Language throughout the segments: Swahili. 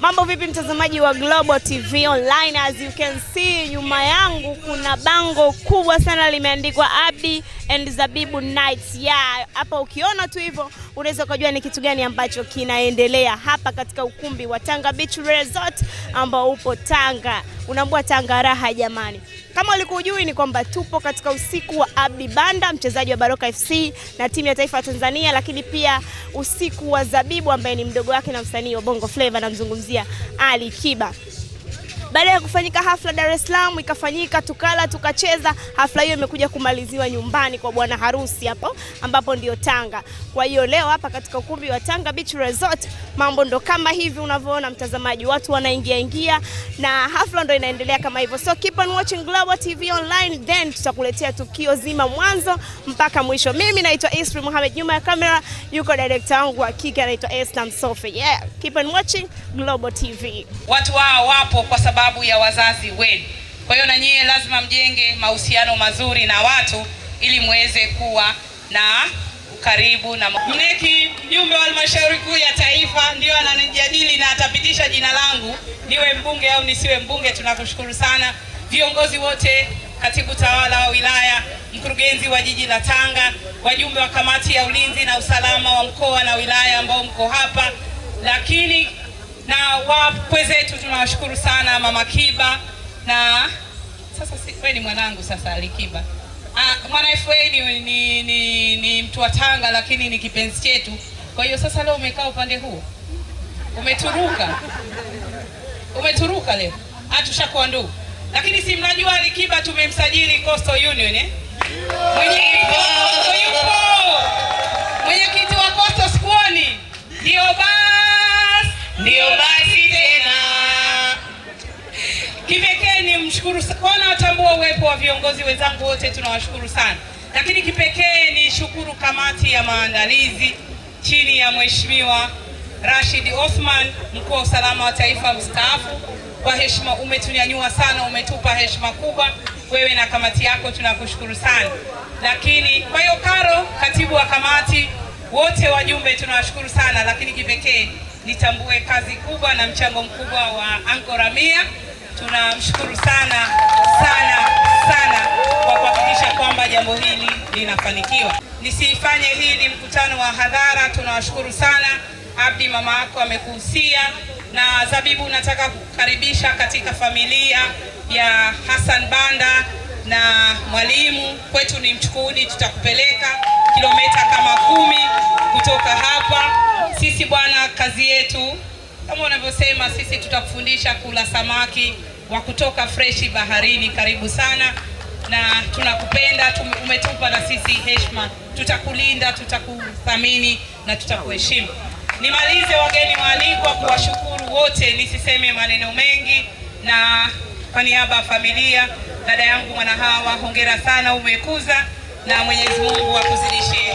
Mambo vipi mtazamaji wa Global TV Online, as you can see nyuma yangu kuna bango kubwa sana limeandikwa Abdi and Zabibu Nights. Yeah, hapa ukiona tu hivyo unaweza ukajua ni kitu gani ambacho kinaendelea hapa katika ukumbi wa Tanga Beach Resort ambao upo Tanga. Unaambua Tanga raha jamani. Kama ulikujui ni kwamba tupo katika usiku wa Abdi Banda, mchezaji wa Baroka FC na timu ya taifa ya Tanzania, lakini pia usiku wa Zabibu ambaye ni mdogo wake na msanii wa Bongo Flava, namzungumzia Ali Kiba. Baada ya kufanyika hafla Dar es Salaam, ikafanyika tukala, tukacheza. Hafla hiyo imekuja kumaliziwa nyumbani kwa bwana harusi hapo ambapo ndio Tanga. Kwa hiyo leo hapa katika ukumbi wa Tanga Beach Resort mambo ndo kama hivi unavyoona mtazamaji, watu wanaingia ingia na hafla ndo inaendelea kama hivyo, so keep on watching Global TV Online, then tutakuletea tukio zima mwanzo mpaka mwisho. Mimi naitwa Isri Mohamed, nyuma ya kamera yuko director wangu wa kike anaitwa Esther Msofe. Yeah, keep on watching Global TV. Watu wao wapo kwa sababu sababu ya wazazi wenu. Kwa hiyo na nyie lazima mjenge mahusiano mazuri na watu ili muweze kuwa na karibu na mneki. Mjumbe wa halmashauri kuu ya taifa ndio ananijadili na atapitisha jina langu niwe mbunge au nisiwe mbunge. Tunakushukuru sana viongozi wote, katibu tawala wa wilaya, mkurugenzi wa jiji la Tanga, wajumbe wa kamati ya ulinzi na usalama wa mkoa na wilaya ambao mko hapa, lakini na wapwe zetu tunawashukuru sana Mama Kiba na sasa wewe ni mwanangu sasa Alikiba. Ah, mwana FA ni, ni, ni, ni mtu wa Tanga lakini ni kipenzi chetu. Kwa hiyo sasa leo umekaa upande huo. Umeturuka. Umeturuka leo. Hatushakuwa ah, ndugu. Lakini si mnajua Alikiba tumemsajili Coastal Union eh? Mwenyekiti wa Coastal Squad ndio ndio basi tena, kipekee ni mshukuru kwana, watambua uwepo wa viongozi wenzangu wote, tunawashukuru sana, lakini kipekee ni shukuru kamati ya maandalizi chini ya Mheshimiwa Rashid Othman, mkuu wa usalama wa taifa mstaafu. Kwa heshima, umetunyanyua sana, umetupa heshima kubwa, wewe na kamati yako tunakushukuru sana. Lakini kwa hiyo, Karo, katibu wa kamati, wote wajumbe tunawashukuru sana, lakini kipekee nitambue kazi kubwa na mchango mkubwa wa Anko Ramia. Tunamshukuru sana sana sana kwa kuhakikisha kwamba jambo hili linafanikiwa. nisifanye hii ni mkutano wa hadhara. Tunawashukuru sana Abdi, mama yako amekuhusia na Zabibu, nataka kukaribisha katika familia ya Hassan Banda na mwalimu kwetu ni Mchukuni, tutakupeleka kilomita kama kumi kutoka hapa. Sisi bwana, kazi yetu kama unavyosema, sisi tutakufundisha kula samaki wa kutoka freshi baharini. Karibu sana na tunakupenda, umetupa na sisi heshima, tutakulinda, tutakuthamini na tutakuheshimu. Nimalize wageni waalikwa, kuwashukuru wote, nisiseme maneno mengi, na kwa niaba ya familia, dada yangu Mwanahawa, hongera sana, umekuza na Mwenyezi Mungu akuzidishie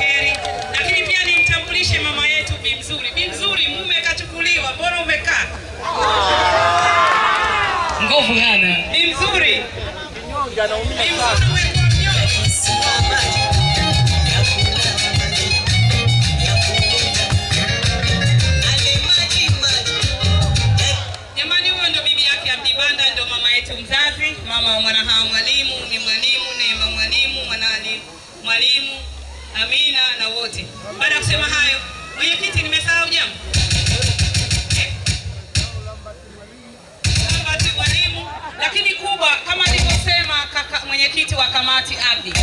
Ngovu gana ni mzuri jamani, huyo ndo bibi yake ndo mama yetu mzazi, mama wa Mwanahawa Mwalimu. Ni mwalimu Neema Mwalimu, Mwanaali Mwalimu, Amina na wote. Baada ya kusema hayo, mwenyekiti, nimesahau jambo Lakini kubwa kama alivyosema kaka mwenyekiti wa kamati ardhi,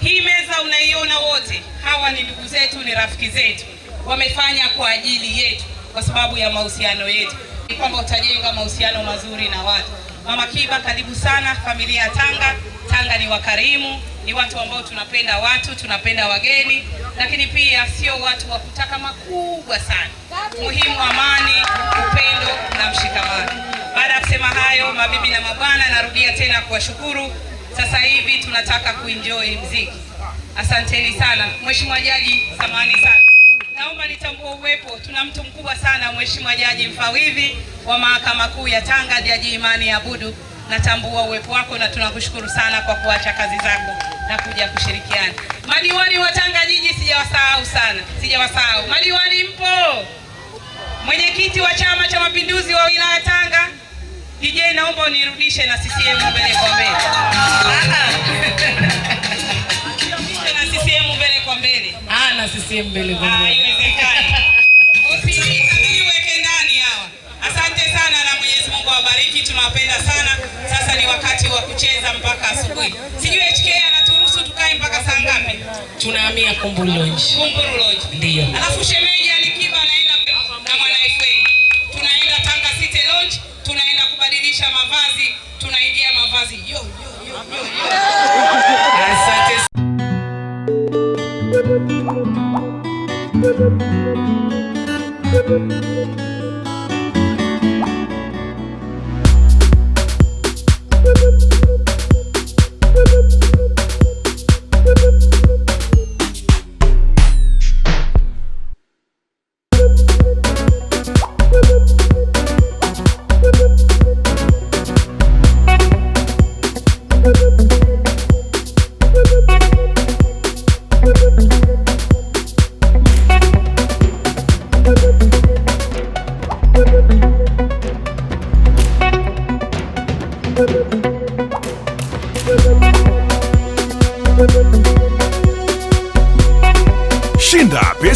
hii meza unaiona wote, hawa ni ndugu zetu, ni rafiki zetu, wamefanya kwa ajili yetu, kwa sababu ya mahusiano yetu, ni kwamba utajenga mahusiano mazuri na watu. Mama Kiba, karibu sana familia ya Tanga. Tanga ni wakarimu, ni watu ambao tunapenda watu, tunapenda wageni, lakini pia sio watu wa kutaka makubwa sana. Muhimu amani, upendo na mshikamano. Baada ya kusema hayo, mabibi na mabwana, narudia tena kuwashukuru. Sasa hivi tunataka kuenjoy mziki. Asanteni sana. Mheshimiwa Jaji, samani sana, naomba nitambue uwepo, tuna mtu mkubwa sana, Mheshimiwa Jaji mfawidhi wa Mahakama Kuu ya Tanga, Jaji Imani Abudu, natambua uwepo wako na tunakushukuru sana kwa kuacha kazi zako na kuja kushirikiana. Madiwani wa Tanga Jiji sijawasahau sana, sijawasahau madiwani. Mpo? Mwenyekiti wa Chama cha Mapinduzi wa wilaya Tanga DJ, naomba unirudishe na CCM mbele kwa mbele. Ah, ah. Na CCM mbele kwa mbele. Ah, na CCM mbele kwa mbele. Ah, haiwezekani. ndani hawa. Asante sana na tunawapenda sana. Sasa ni wakati wa kucheza mpaka asubuhi. Sijui HK anaturuhusu tukae mpaka saa ngapi? Tunahamia Kumburu Lodge. Kumburu Lodge. Ndio. Alafu shemeji Yeah.